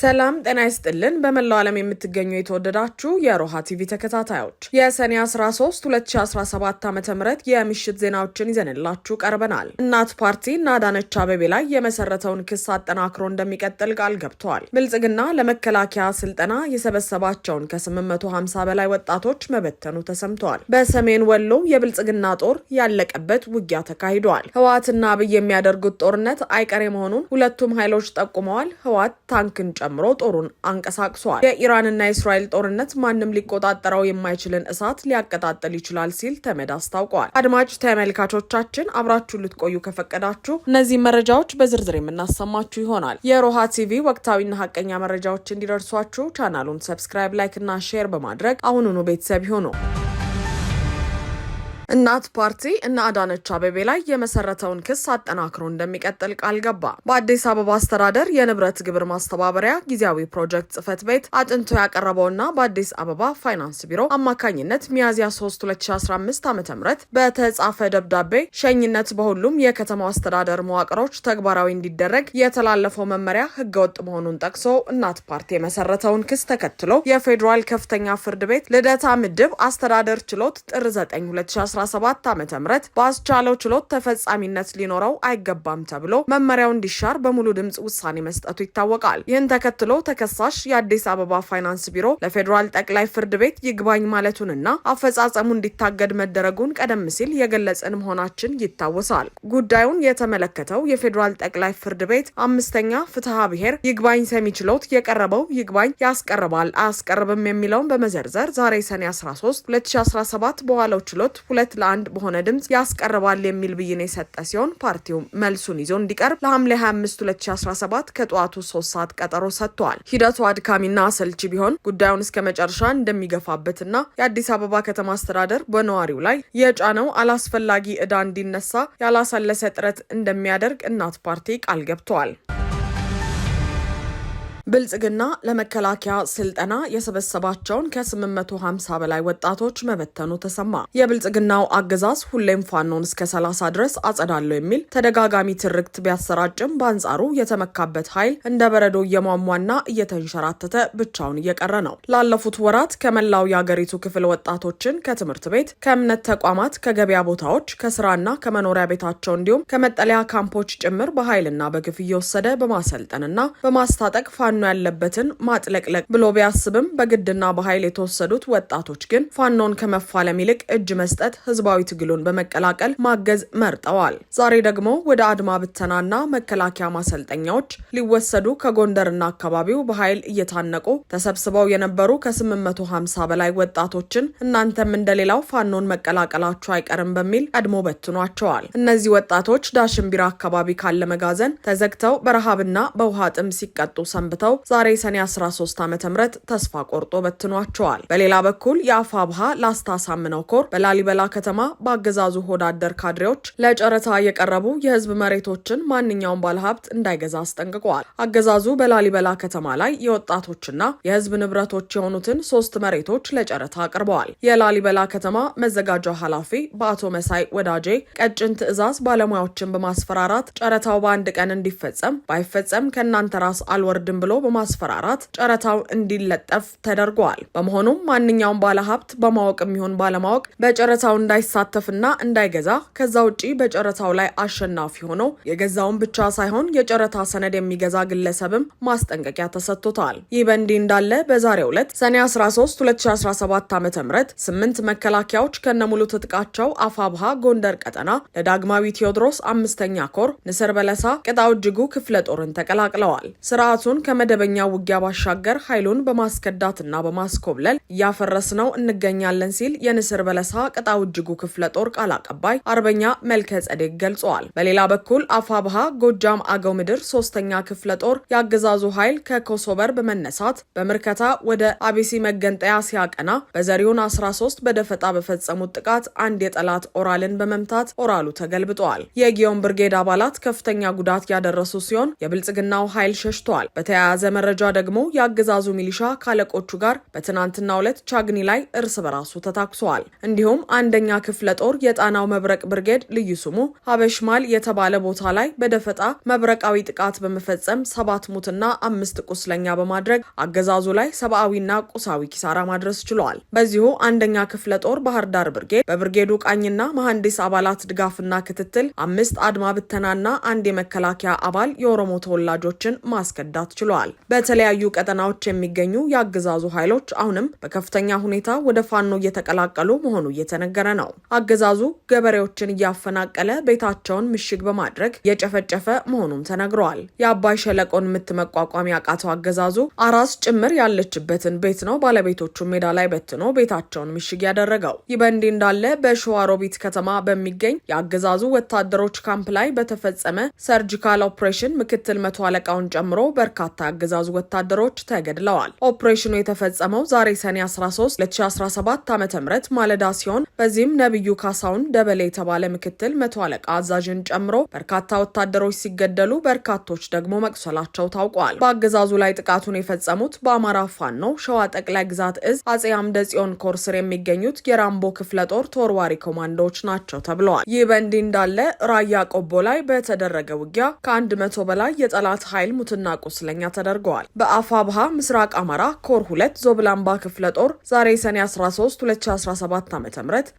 ሰላም ጤና ይስጥልን። በመላው ዓለም የምትገኙ የተወደዳችሁ የሮሃ ቲቪ ተከታታዮች የሰኔ 13 2017 ዓ ም የምሽት ዜናዎችን ይዘንላችሁ ቀርበናል። እናት ፓርቲ እና አዳነች አበቤ ላይ የመሰረተውን ክስ አጠናክሮ እንደሚቀጥል ቃል ገብተዋል። ብልጽግና ለመከላከያ ስልጠና የሰበሰባቸውን ከ850 በላይ ወጣቶች መበተኑ ተሰምተዋል። በሰሜን ወሎ የብልጽግና ጦር ያለቀበት ውጊያ ተካሂደዋል። ህወሓትና አብይ የሚያደርጉት ጦርነት አይቀሬ መሆኑን ሁለቱም ኃይሎች ጠቁመዋል። ህወሓት ታንክን ጨምሮ ጦሩን አንቀሳቅሷል። የኢራንና የእስራኤል ጦርነት ማንም ሊቆጣጠረው የማይችልን እሳት ሊያቀጣጥል ይችላል ሲል ተመድ አስታውቋል። አድማጭ ተመልካቾቻችን አብራችሁ ልትቆዩ ከፈቀዳችሁ እነዚህ መረጃዎች በዝርዝር የምናሰማችሁ ይሆናል። የሮሃ ቲቪ ወቅታዊና ሀቀኛ መረጃዎች እንዲደርሷችሁ ቻናሉን ሰብስክራይብ፣ ላይክ እና ሼር በማድረግ አሁኑኑ ቤተሰብ ይሁኑ። እናት ፓርቲ እነ አዳነች አቤቤ ላይ የመሰረተውን ክስ አጠናክሮ እንደሚቀጥል ቃል ገባ። በአዲስ አበባ አስተዳደር የንብረት ግብር ማስተባበሪያ ጊዜያዊ ፕሮጀክት ጽህፈት ቤት አጥንቶ ያቀረበውና በአዲስ አበባ ፋይናንስ ቢሮ አማካኝነት ሚያዝያ 3 2015 ዓ ም በተጻፈ ደብዳቤ ሸኝነት በሁሉም የከተማው አስተዳደር መዋቅሮች ተግባራዊ እንዲደረግ የተላለፈው መመሪያ ህገወጥ መሆኑን ጠቅሶ እናት ፓርቲ የመሰረተውን ክስ ተከትሎ የፌዴራል ከፍተኛ ፍርድ ቤት ልደታ ምድብ አስተዳደር ችሎት ጥር 9 2017 ዓ ም በአስቻለው ችሎት ተፈጻሚነት ሊኖረው አይገባም ተብሎ መመሪያው እንዲሻር በሙሉ ድምፅ ውሳኔ መስጠቱ ይታወቃል። ይህን ተከትሎ ተከሳሽ የአዲስ አበባ ፋይናንስ ቢሮ ለፌዴራል ጠቅላይ ፍርድ ቤት ይግባኝ ማለቱንና አፈጻጸሙ እንዲታገድ መደረጉን ቀደም ሲል የገለጽን መሆናችን ይታወሳል። ጉዳዩን የተመለከተው የፌዴራል ጠቅላይ ፍርድ ቤት አምስተኛ ፍትሐ ብሔር ይግባኝ ሰሚ ችሎት የቀረበው ይግባኝ ያስቀርባል አያስቀርብም የሚለውን በመዘርዘር ዛሬ ሰኔ 13 2017 በዋለው ችሎት ሁለት ለአንድ በሆነ ድምጽ ያስቀርባል የሚል ብይን የሰጠ ሲሆን ፓርቲው መልሱን ይዞ እንዲቀርብ ለሐምሌ 25 2017 ከጠዋቱ 3 ሰዓት ቀጠሮ ሰጥቷል። ሂደቱ አድካሚና አሰልቺ ቢሆን ጉዳዩን እስከ መጨረሻ እንደሚገፋበትና የአዲስ አበባ ከተማ አስተዳደር በነዋሪው ላይ የጫነው አላስፈላጊ ዕዳ እንዲነሳ ያላሳለሰ ጥረት እንደሚያደርግ እናት ፓርቲ ቃል ገብተዋል። ብልጽግና ለመከላከያ ስልጠና የሰበሰባቸውን ከ850 በላይ ወጣቶች መበተኑ ተሰማ። የብልጽግናው አገዛዝ ሁሌም ፋኖን እስከ 30 ድረስ አጸዳለሁ የሚል ተደጋጋሚ ትርክት ቢያሰራጭም በአንጻሩ የተመካበት ኃይል እንደ በረዶ እየሟሟና እየተንሸራተተ ብቻውን እየቀረ ነው። ላለፉት ወራት ከመላው የአገሪቱ ክፍል ወጣቶችን ከትምህርት ቤት፣ ከእምነት ተቋማት፣ ከገበያ ቦታዎች፣ ከስራና ከመኖሪያ ቤታቸው እንዲሁም ከመጠለያ ካምፖች ጭምር በኃይልና በግፍ እየወሰደ በማሰልጠንና በማስታጠቅ ፋኖ ፋኖ ያለበትን ማጥለቅለቅ ብሎ ቢያስብም በግድና በኃይል የተወሰዱት ወጣቶች ግን ፋኖን ከመፋለም ይልቅ እጅ መስጠት፣ ህዝባዊ ትግሉን በመቀላቀል ማገዝ መርጠዋል። ዛሬ ደግሞ ወደ አድማ ብተናና መከላከያ ማሰልጠኛዎች ሊወሰዱ ከጎንደርና አካባቢው በኃይል እየታነቁ ተሰብስበው የነበሩ ከ850 በላይ ወጣቶችን እናንተም እንደሌላው ፋኖን መቀላቀላችሁ አይቀርም በሚል ቀድሞ በትኗቸዋል። እነዚህ ወጣቶች ዳሽን ቢራ አካባቢ ካለ መጋዘን ተዘግተው በረሃብና በውሃ ጥም ሲቀጡ ሰንብተው ተረድተው ዛሬ ሰኔ 13 ዓ ም ተስፋ ቆርጦ በትኗቸዋል። በሌላ በኩል ብሃ ላስታ ሳምነው ኮር በላሊበላ ከተማ በአገዛዙ ሆዳደር ካድሬዎች ለጨረታ የቀረቡ የህዝብ መሬቶችን ማንኛውም ባለሀብት እንዳይገዛ አስጠንቅቀዋል። አገዛዙ በላሊበላ ከተማ ላይ የወጣቶችና የህዝብ ንብረቶች የሆኑትን ሶስት መሬቶች ለጨረታ አቅርበዋል። የላሊበላ ከተማ መዘጋጃው ኃላፊ በአቶ መሳይ ወዳጄ ቀጭን ትዕዛዝ ባለሙያዎችን በማስፈራራት ጨረታው በአንድ ቀን እንዲፈጸም ባይፈጸም ከእናንተ ራስ አልወርድም ብሎ ብለው በማስፈራራት ጨረታው እንዲለጠፍ ተደርጓል። በመሆኑም ማንኛውም ባለሀብት በማወቅ የሚሆን ባለማወቅ በጨረታው እንዳይሳተፍና እንዳይገዛ ከዛ ውጪ በጨረታው ላይ አሸናፊ ሆነው የገዛውን ብቻ ሳይሆን የጨረታ ሰነድ የሚገዛ ግለሰብም ማስጠንቀቂያ ተሰጥቶታል። ይህ በእንዲህ እንዳለ በዛሬው ዕለት ሰኔ 13 2017 ዓ ም ስምንት መከላከያዎች ከነሙሉ ትጥቃቸው አፋብሃ ጎንደር ቀጠና ለዳግማዊ ቴዎድሮስ አምስተኛ ኮር ንስር በለሳ ቅጣው እጅጉ ክፍለ ጦርን ተቀላቅለዋል። ስርዓቱን ከመ ከመደበኛ ውጊያ ባሻገር ኃይሉን በማስከዳትና በማስኮብለል እያፈረስነው እንገኛለን ሲል የንስር በለሳ ቅጣው እጅጉ ክፍለ ጦር ቃል አቀባይ አርበኛ መልከ ጸዴቅ ገልጸዋል። በሌላ በኩል አፋብሃ ጎጃም አገው ምድር ሶስተኛ ክፍለ ጦር የአገዛዙ ኃይል ከኮሶበር በመነሳት በምርከታ ወደ አቢሲ መገንጠያ ሲያቀና በዘሪሁን 13 በደፈጣ በፈጸሙት ጥቃት አንድ የጠላት ኦራልን በመምታት ኦራሉ ተገልብጠዋል። የጊዮን ብርጌድ አባላት ከፍተኛ ጉዳት ያደረሱ ሲሆን የብልጽግናው ኃይል ሸሽተዋል። በተያያዘ የተያዘ መረጃ ደግሞ የአገዛዙ ሚሊሻ ካለቆቹ ጋር በትናንትናው ዕለት ቻግኒ ላይ እርስ በራሱ ተታኩሰዋል። እንዲሁም አንደኛ ክፍለ ጦር የጣናው መብረቅ ብርጌድ ልዩ ስሙ አበሽማል የተባለ ቦታ ላይ በደፈጣ መብረቃዊ ጥቃት በመፈጸም ሰባት ሙትና አምስት ቁስለኛ በማድረግ አገዛዙ ላይ ሰብአዊና ቁሳዊ ኪሳራ ማድረስ ችሏል። በዚሁ አንደኛ ክፍለ ጦር ባህር ዳር ብርጌድ በብርጌዱ ቃኝና መሐንዲስ አባላት ድጋፍና ክትትል አምስት አድማ ብተናና አንድ የመከላከያ አባል የኦሮሞ ተወላጆችን ማስከዳት ችሏል። ተገልጿል። በተለያዩ ቀጠናዎች የሚገኙ የአገዛዙ ኃይሎች አሁንም በከፍተኛ ሁኔታ ወደ ፋኖ እየተቀላቀሉ መሆኑ እየተነገረ ነው። አገዛዙ ገበሬዎችን እያፈናቀለ ቤታቸውን ምሽግ በማድረግ የጨፈጨፈ መሆኑም ተነግረዋል። የአባይ ሸለቆን ምት መቋቋም ያቃተው አገዛዙ አራስ ጭምር ያለችበትን ቤት ነው ባለቤቶቹ ሜዳ ላይ በትኖ ቤታቸውን ምሽግ ያደረገው። ይህ በእንዲህ እንዳለ በሸዋሮቢት ከተማ በሚገኝ የአገዛዙ ወታደሮች ካምፕ ላይ በተፈጸመ ሰርጂካል ኦፕሬሽን ምክትል መቶ አለቃውን ጨምሮ በርካታ አገዛዙ ወታደሮች ተገድለዋል። ኦፕሬሽኑ የተፈጸመው ዛሬ ሰኔ 13 2017 ዓ ም ማለዳ ሲሆን በዚህም ነቢዩ ካሳውን ደበሌ የተባለ ምክትል መቶ አለቃ አዛዥን ጨምሮ በርካታ ወታደሮች ሲገደሉ በርካቶች ደግሞ መቁሰላቸው ታውቋል። በአገዛዙ ላይ ጥቃቱን የፈጸሙት በአማራ ፋኖ ሸዋ ጠቅላይ ግዛት እዝ አጼ አምደ ጽዮን ኮር ስር የሚገኙት የራምቦ ክፍለ ጦር ተወርዋሪ ኮማንዶዎች ናቸው ተብለዋል። ይህ በእንዲህ እንዳለ ራያ ቆቦ ላይ በተደረገ ውጊያ ከአንድ መቶ በላይ የጠላት ኃይል ሙትና ቁስለኛ ተደርገዋል። በአፋብሃ ምስራቅ አማራ ኮር ሁለት ዞብላምባ ክፍለ ጦር ዛሬ ሰኔ 13 2017 ዓ ም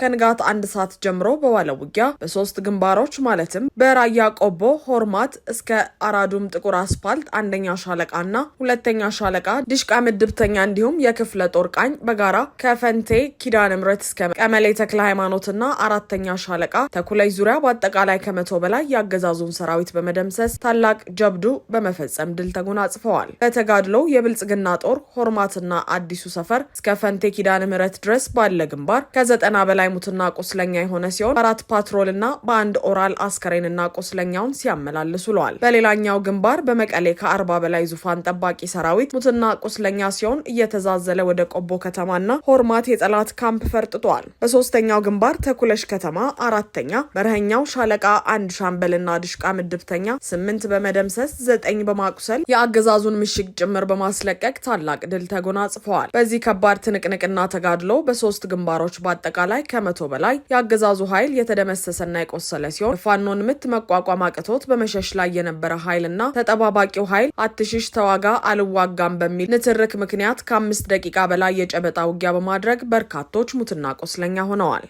ከንጋት አንድ ሰዓት ጀምሮ በዋለው ውጊያ በሶስት ግንባሮች ማለትም በራያ ቆቦ ሆርማት እስከ አራዱም ጥቁር አስፓልት አንደኛ ሻለቃ እና ሁለተኛ ሻለቃ ድሽቃ ምድብተኛ እንዲሁም የክፍለ ጦር ቃኝ በጋራ ከፈንቴ ኪዳን ምረት እስከ ቀመሌ ተክለ ሃይማኖትና አራተኛ ሻለቃ ተኩለይ ዙሪያ በአጠቃላይ ከመቶ በላይ የአገዛዙን ሰራዊት በመደምሰስ ታላቅ ጀብዱ በመፈጸም ድል ተጎናጽፏል። ተሳትፈዋል። በተጋድሎው የብልጽግና ጦር ሆርማትና አዲሱ ሰፈር እስከ ፈንቴ ኪዳነ ምህረት ድረስ ባለ ግንባር ከዘጠና በላይ ሙትና ቁስለኛ የሆነ ሲሆን አራት ፓትሮልና በአንድ ኦራል አስከሬንና ቁስለኛውን ሲያመላልሱ ውለዋል። በሌላኛው ግንባር በመቀሌ ከአርባ በላይ ዙፋን ጠባቂ ሰራዊት ሙትና ቁስለኛ ሲሆን እየተዛዘለ ወደ ቆቦ ከተማና ሆርማት የጠላት ካምፕ ፈርጥቷል። በሶስተኛው ግንባር ተኩለሽ ከተማ አራተኛ በረኸኛው ሻለቃ አንድ ሻምበልና ድሽቃ ምድብተኛ ስምንት በመደምሰስ ዘጠኝ በማቁሰል የአገዛ የአገዛዙን ምሽግ ጭምር በማስለቀቅ ታላቅ ድል ተጎናጽፈዋል። በዚህ ከባድ ትንቅንቅና ተጋድሎ በሶስት ግንባሮች በአጠቃላይ ከመቶ በላይ የአገዛዙ ኃይል የተደመሰሰና የቆሰለ ሲሆን የፋኖን ምት መቋቋም አቅቶት በመሸሽ ላይ የነበረ ኃይልና ተጠባባቂው ኃይል አትሽሽ ተዋጋ አልዋጋም በሚል ንትርክ ምክንያት ከአምስት ደቂቃ በላይ የጨበጣ ውጊያ በማድረግ በርካቶች ሙትና ቆስለኛ ሆነዋል።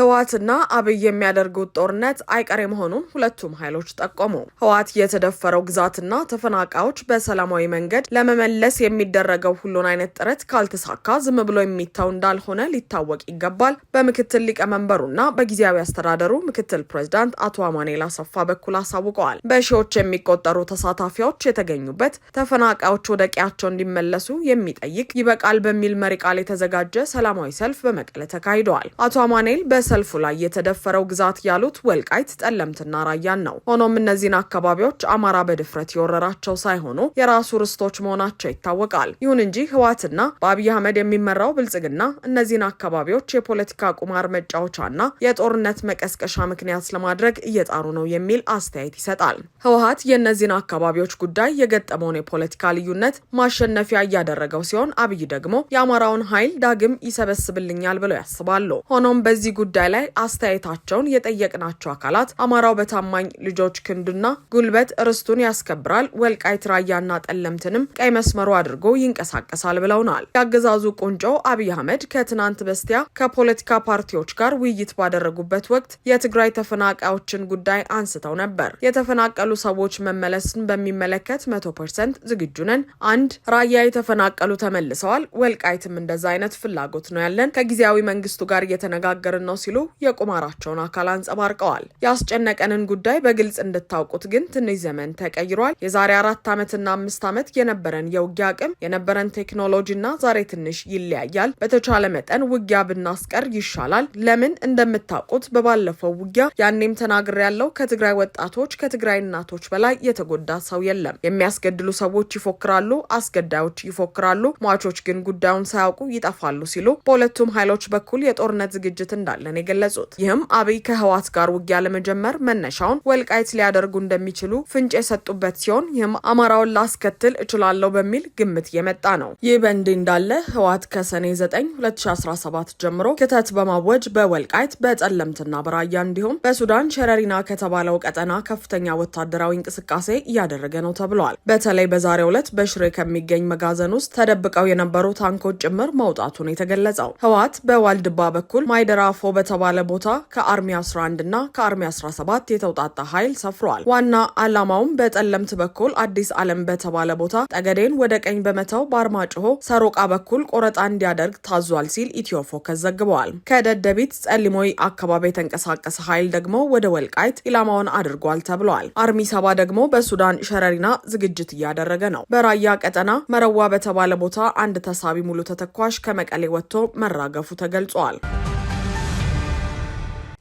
ህወሓትና አብይ የሚያደርጉት ጦርነት አይቀሬ መሆኑን ሁለቱም ኃይሎች ጠቆሙ። ህወሓት የተደፈረው ግዛትና ተፈናቃዮች በሰላማዊ መንገድ ለመመለስ የሚደረገው ሁሉን አይነት ጥረት ካልተሳካ ዝም ብሎ የሚታው እንዳልሆነ ሊታወቅ ይገባል። በምክትል ሊቀመንበሩና በጊዜያዊ አስተዳደሩ ምክትል ፕሬዚዳንት አቶ አማኔል አሰፋ በኩል አሳውቀዋል። በሺዎች የሚቆጠሩ ተሳታፊዎች የተገኙበት ተፈናቃዮች ወደ ቀያቸው እንዲመለሱ የሚጠይቅ ይበቃል በሚል መሪ ቃል የተዘጋጀ ሰላማዊ ሰልፍ በመቀለ ተካሂደዋል። አቶ አማኔል በ በሰልፉ ላይ የተደፈረው ግዛት ያሉት ወልቃይት ጠለምትና ራያን ነው። ሆኖም እነዚህን አካባቢዎች አማራ በድፍረት የወረራቸው ሳይሆኑ የራሱ ርስቶች መሆናቸው ይታወቃል። ይሁን እንጂ ህወሓትና በአብይ አህመድ የሚመራው ብልጽግና እነዚህን አካባቢዎች የፖለቲካ ቁማር መጫወቻና የጦርነት መቀስቀሻ ምክንያት ለማድረግ እየጣሩ ነው የሚል አስተያየት ይሰጣል። ህወሓት የእነዚህን አካባቢዎች ጉዳይ የገጠመውን የፖለቲካ ልዩነት ማሸነፊያ እያደረገው ሲሆን፣ አብይ ደግሞ የአማራውን ኃይል ዳግም ይሰበስብልኛል ብለው ያስባሉ። ሆኖም በዚህ ጉዳይ ጉዳይ ላይ አስተያየታቸውን የጠየቅናቸው አካላት አማራው በታማኝ ልጆች ክንድና ጉልበት ርስቱን ያስከብራል፣ ወልቃይት ራያና ጠለምትንም ቀይ መስመሩ አድርጎ ይንቀሳቀሳል ብለውናል። የአገዛዙ ቁንጮ አብይ አህመድ ከትናንት በስቲያ ከፖለቲካ ፓርቲዎች ጋር ውይይት ባደረጉበት ወቅት የትግራይ ተፈናቃዮችን ጉዳይ አንስተው ነበር። የተፈናቀሉ ሰዎች መመለስን በሚመለከት መቶ ፐርሰንት ዝግጁ ነን። አንድ ራያ የተፈናቀሉ ተመልሰዋል። ወልቃይትም እንደዛ አይነት ፍላጎት ነው ያለን ከጊዜያዊ መንግስቱ ጋር እየተነጋገርን ነው ሲሉ የቁማራቸውን አካል አንጸባርቀዋል። ያስጨነቀንን ጉዳይ በግልጽ እንድታውቁት ግን ትንሽ ዘመን ተቀይሯል። የዛሬ አራት ዓመትና አምስት ዓመት የነበረን የውጊያ አቅም የነበረን ቴክኖሎጂና ዛሬ ትንሽ ይለያያል። በተቻለ መጠን ውጊያ ብናስቀር ይሻላል። ለምን እንደምታውቁት በባለፈው ውጊያ ያኔም ተናግሬ ያለው ከትግራይ ወጣቶች ከትግራይ እናቶች በላይ የተጎዳ ሰው የለም። የሚያስገድሉ ሰዎች ይፎክራሉ፣ አስገዳዮች ይፎክራሉ፣ ሟቾች ግን ጉዳዩን ሳያውቁ ይጠፋሉ ሲሉ በሁለቱም ኃይሎች በኩል የጦርነት ዝግጅት እንዳለን ነው የገለጹት። ይህም አብይ ከህወሓት ጋር ውጊያ ለመጀመር መነሻውን ወልቃይት ሊያደርጉ እንደሚችሉ ፍንጭ የሰጡበት ሲሆን ይህም አማራውን ላስከትል እችላለሁ በሚል ግምት የመጣ ነው። ይህ በእንዲህ እንዳለ ህወሓት ከሰኔ 9 2017 ጀምሮ ክተት በማወጅ በወልቃይት በጠለምትና በራያ እንዲሁም በሱዳን ሸረሪና ከተባለው ቀጠና ከፍተኛ ወታደራዊ እንቅስቃሴ እያደረገ ነው ተብሏል። በተለይ በዛሬው ዕለት በሽሬ ከሚገኝ መጋዘን ውስጥ ተደብቀው የነበሩ ታንኮች ጭምር መውጣቱን የተገለጸው ህወሓት በዋልድባ በኩል ማይደራፎ በተባለ ቦታ ከአርሚ 11 እና ከአርሚ 17 የተውጣጣ ኃይል ሰፍሯል። ዋና ዓላማውም በጠለምት በኩል አዲስ ዓለም በተባለ ቦታ ጠገዴን ወደ ቀኝ በመተው በአርማጭሆ ሰሮቃ በኩል ቆረጣ እንዲያደርግ ታዟል ሲል ኢትዮፎከስ ዘግበዋል። ከደደቢት ጸሊሞይ አካባቢ የተንቀሳቀሰ ኃይል ደግሞ ወደ ወልቃይት ኢላማውን አድርጓል ተብሏል። አርሚ ሰባ ደግሞ በሱዳን ሸረሪና ዝግጅት እያደረገ ነው። በራያ ቀጠና መረዋ በተባለ ቦታ አንድ ተሳቢ ሙሉ ተተኳሽ ከመቀሌ ወጥቶ መራገፉ ተገልጿል።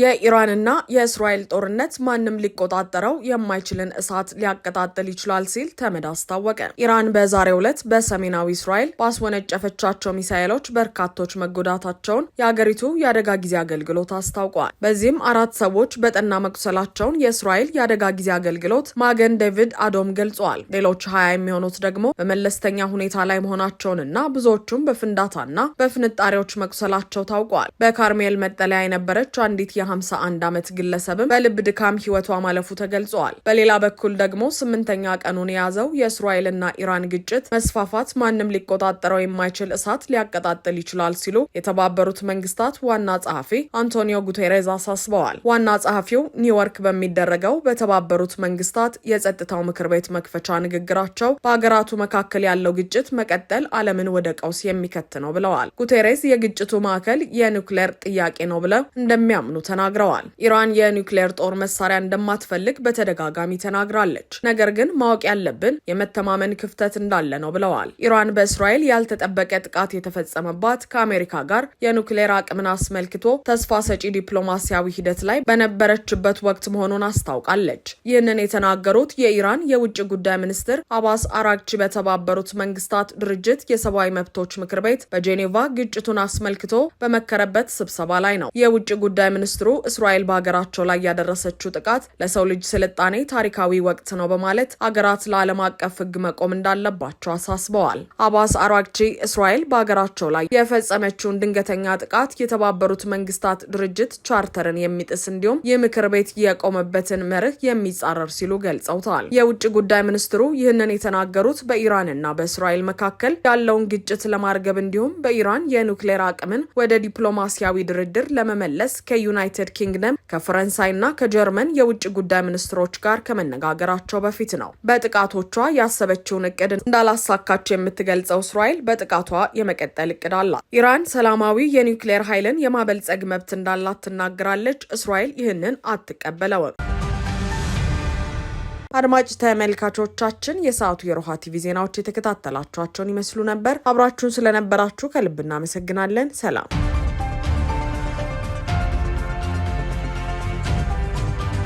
የኢራንና የእስራኤል ጦርነት ማንም ሊቆጣጠረው የማይችልን እሳት ሊያቀጣጥል ይችላል ሲል ተመድ አስታወቀ። ኢራን በዛሬው ዕለት በሰሜናዊ እስራኤል ባስወነጨፈቻቸው ሚሳኤሎች በርካቶች መጎዳታቸውን የአገሪቱ የአደጋ ጊዜ አገልግሎት አስታውቋል። በዚህም አራት ሰዎች በጠና መቁሰላቸውን የእስራኤል የአደጋ ጊዜ አገልግሎት ማገን ዴቪድ አዶም ገልጿል። ሌሎች ሀያ የሚሆኑት ደግሞ በመለስተኛ ሁኔታ ላይ መሆናቸውንና ብዙዎቹም በፍንዳታና በፍንጣሪዎች መቁሰላቸው ታውቋል። በካርሜል መጠለያ የነበረች አንዲት የ51 ዓመት ግለሰብም በልብ ድካም ህይወቷ ማለፉ ተገልጿል። በሌላ በኩል ደግሞ ስምንተኛ ቀኑን የያዘው የእስራኤልና ኢራን ግጭት መስፋፋት ማንም ሊቆጣጠረው የማይችል እሳት ሊያቀጣጥል ይችላል ሲሉ የተባበሩት መንግስታት ዋና ጸሐፊ አንቶኒዮ ጉቴሬዝ አሳስበዋል። ዋና ጸሐፊው ኒውዮርክ በሚደረገው በተባበሩት መንግስታት የጸጥታው ምክር ቤት መክፈቻ ንግግራቸው በሀገራቱ መካከል ያለው ግጭት መቀጠል ዓለምን ወደ ቀውስ የሚከት ነው ብለዋል። ጉቴሬዝ የግጭቱ ማዕከል የኒውክሌር ጥያቄ ነው ብለው እንደሚያምኑ ተናግረዋል። ኢራን የኒውክሌር ጦር መሳሪያ እንደማትፈልግ በተደጋጋሚ ተናግራለች። ነገር ግን ማወቅ ያለብን የመተማመን ክፍተት እንዳለ ነው ብለዋል። ኢራን በእስራኤል ያልተጠበቀ ጥቃት የተፈጸመባት ከአሜሪካ ጋር የኒውክሌር አቅምን አስመልክቶ ተስፋ ሰጪ ዲፕሎማሲያዊ ሂደት ላይ በነበረችበት ወቅት መሆኑን አስታውቃለች። ይህንን የተናገሩት የኢራን የውጭ ጉዳይ ሚኒስትር አባስ አራግቺ በተባበሩት መንግስታት ድርጅት የሰብአዊ መብቶች ምክር ቤት በጄኔቫ ግጭቱን አስመልክቶ በመከረበት ስብሰባ ላይ ነው። የውጭ ጉዳይ ሚኒስትሩ ሚኒስትሩ እስራኤል በሀገራቸው ላይ ያደረሰችው ጥቃት ለሰው ልጅ ስልጣኔ ታሪካዊ ወቅት ነው በማለት ሀገራት ለዓለም አቀፍ ሕግ መቆም እንዳለባቸው አሳስበዋል። አባስ አራግቺ እስራኤል በሀገራቸው ላይ የፈጸመችውን ድንገተኛ ጥቃት የተባበሩት መንግስታት ድርጅት ቻርተርን የሚጥስ እንዲሁም የምክር ምክር ቤት የቆመበትን መርህ የሚጻረር ሲሉ ገልጸውታል። የውጭ ጉዳይ ሚኒስትሩ ይህንን የተናገሩት በኢራንና በእስራኤል መካከል ያለውን ግጭት ለማርገብ እንዲሁም በኢራን የኑክሌር አቅምን ወደ ዲፕሎማሲያዊ ድርድር ለመመለስ ከዩናይትድ ከዩናይትድ ኪንግደም ከፈረንሳይና ከጀርመን የውጭ ጉዳይ ሚኒስትሮች ጋር ከመነጋገራቸው በፊት ነው። በጥቃቶቿ ያሰበችውን እቅድ እንዳላሳካች የምትገልጸው እስራኤል በጥቃቷ የመቀጠል እቅድ አላት። ኢራን ሰላማዊ የኒውክሌር ኃይልን የማበልጸግ መብት እንዳላት ትናገራለች። እስራኤል ይህንን አትቀበለውም። አድማጭ ተመልካቾቻችን የሰዓቱ የሮሃ ቲቪ ዜናዎች የተከታተላችኋቸውን ይመስሉ ነበር። አብራችሁን ስለነበራችሁ ከልብ እናመሰግናለን። ሰላም